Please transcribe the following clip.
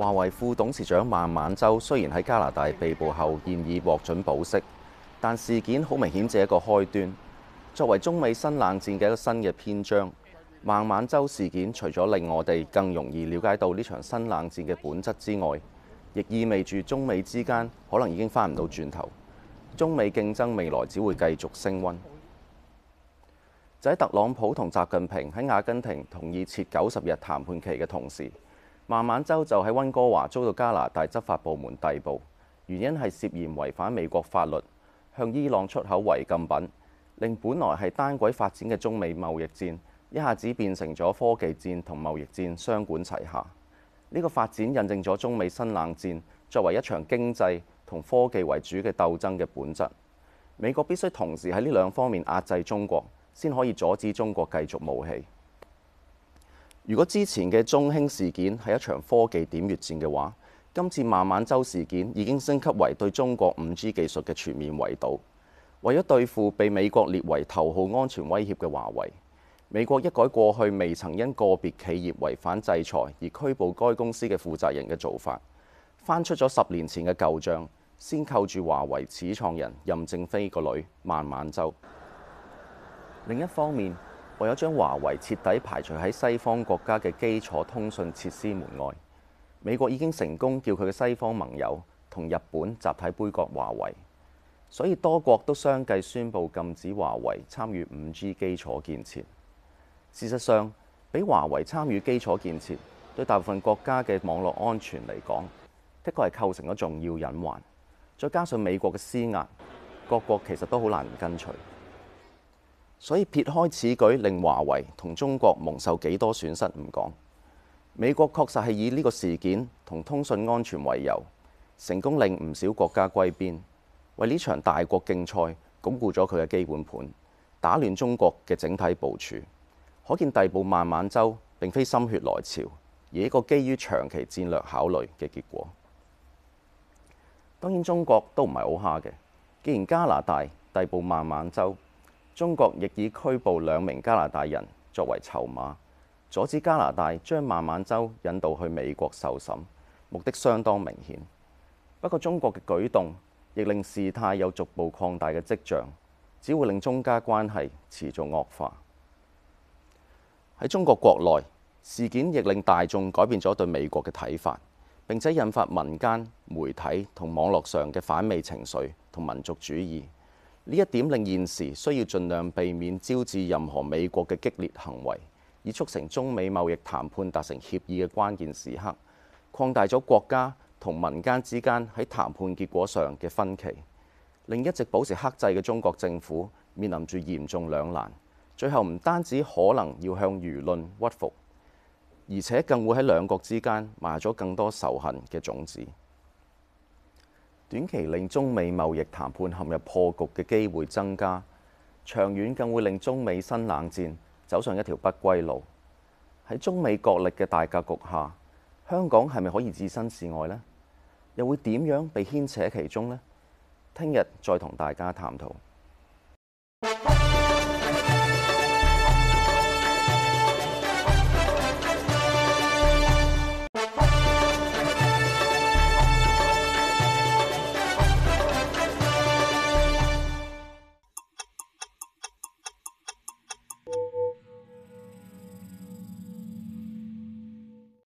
華為副董事長孟晚舟雖然喺加拿大被捕後，現已獲准保釋，但事件好明顯，只係一個開端。作為中美新冷戰嘅一個新嘅篇章，孟晚舟事件除咗令我哋更容易了解到呢場新冷戰嘅本質之外，亦意味住中美之間可能已經返唔到轉頭，中美競爭未來只會繼續升溫。就喺特朗普同習近平喺阿根廷同意設九十日談判期嘅同時。孟晚舟就喺溫哥華遭到加拿大執法部門逮捕，原因係涉嫌違反美國法律向伊朗出口違禁品，令本來係單軌發展嘅中美貿易戰，一下子變成咗科技戰同貿易戰雙管齊下。呢、這個發展印證咗中美新冷戰作為一場經濟同科技為主嘅鬥爭嘅本質。美國必須同時喺呢兩方面壓制中國，先可以阻止中國繼續冒起。如果之前嘅中興事件係一場科技點閱戰嘅話，今次孟晚舟事件已經升級為對中國 5G 技術嘅全面圍堵。為咗對付被美國列為頭號安全威脅嘅華為，美國一改過去未曾因個別企業違反制裁而拘捕該公司嘅負責人嘅做法，翻出咗十年前嘅舊帳，先扣住華為始創人任正非個女孟晚舟。另一方面，唯有將華為徹底排除喺西方國家嘅基礎通訊設施門外，美國已經成功叫佢嘅西方盟友同日本集體杯葛華為，所以多國都相繼宣布禁止華為參與 5G 基礎建設。事實上，俾華為參與基礎建設，對大部分國家嘅網絡安全嚟講，的確係構成咗重要隱患。再加上美國嘅施壓，各國其實都好難唔跟隨。所以撇開此舉令華為同中國蒙受幾多損失唔講，美國確實係以呢個事件同通訊安全為由，成功令唔少國家歸邊，為呢場大國競賽鞏固咗佢嘅基本盤，打亂中國嘅整體部署。可見逮捕孟晚舟並非心血來潮，而一個基於長期戰略考慮嘅結果。當然中國都唔係好蝦嘅，既然加拿大逮捕孟晚舟中國亦以拘捕兩名加拿大人作為籌碼，阻止加拿大將孟晚舟引渡去美國受審，目的相當明顯。不過，中國嘅舉動亦令事態有逐步擴大嘅跡象，只會令中加關係持續惡化。喺中國國內，事件亦令大眾改變咗對美國嘅睇法，並且引發民間媒體同網絡上嘅反美情緒同民族主義。呢一點令現時需要盡量避免招致任何美國嘅激烈行為，以促成中美貿易談判達成協議嘅關鍵時刻，擴大咗國家同民間之間喺談判結果上嘅分歧，令一直保持克制嘅中國政府面臨住嚴重兩難，最後唔單止可能要向輿論屈服，而且更會喺兩國之間埋下咗更多仇恨嘅種子。短期令中美貿易談判陷入破局嘅機會增加，長遠更會令中美新冷戰走上一條不歸路。喺中美角力嘅大格局下，香港係咪可以置身事外呢？又會點樣被牽扯其中呢？聽日再同大家探討。